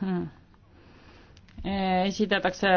Hmm. Eh, esitatakse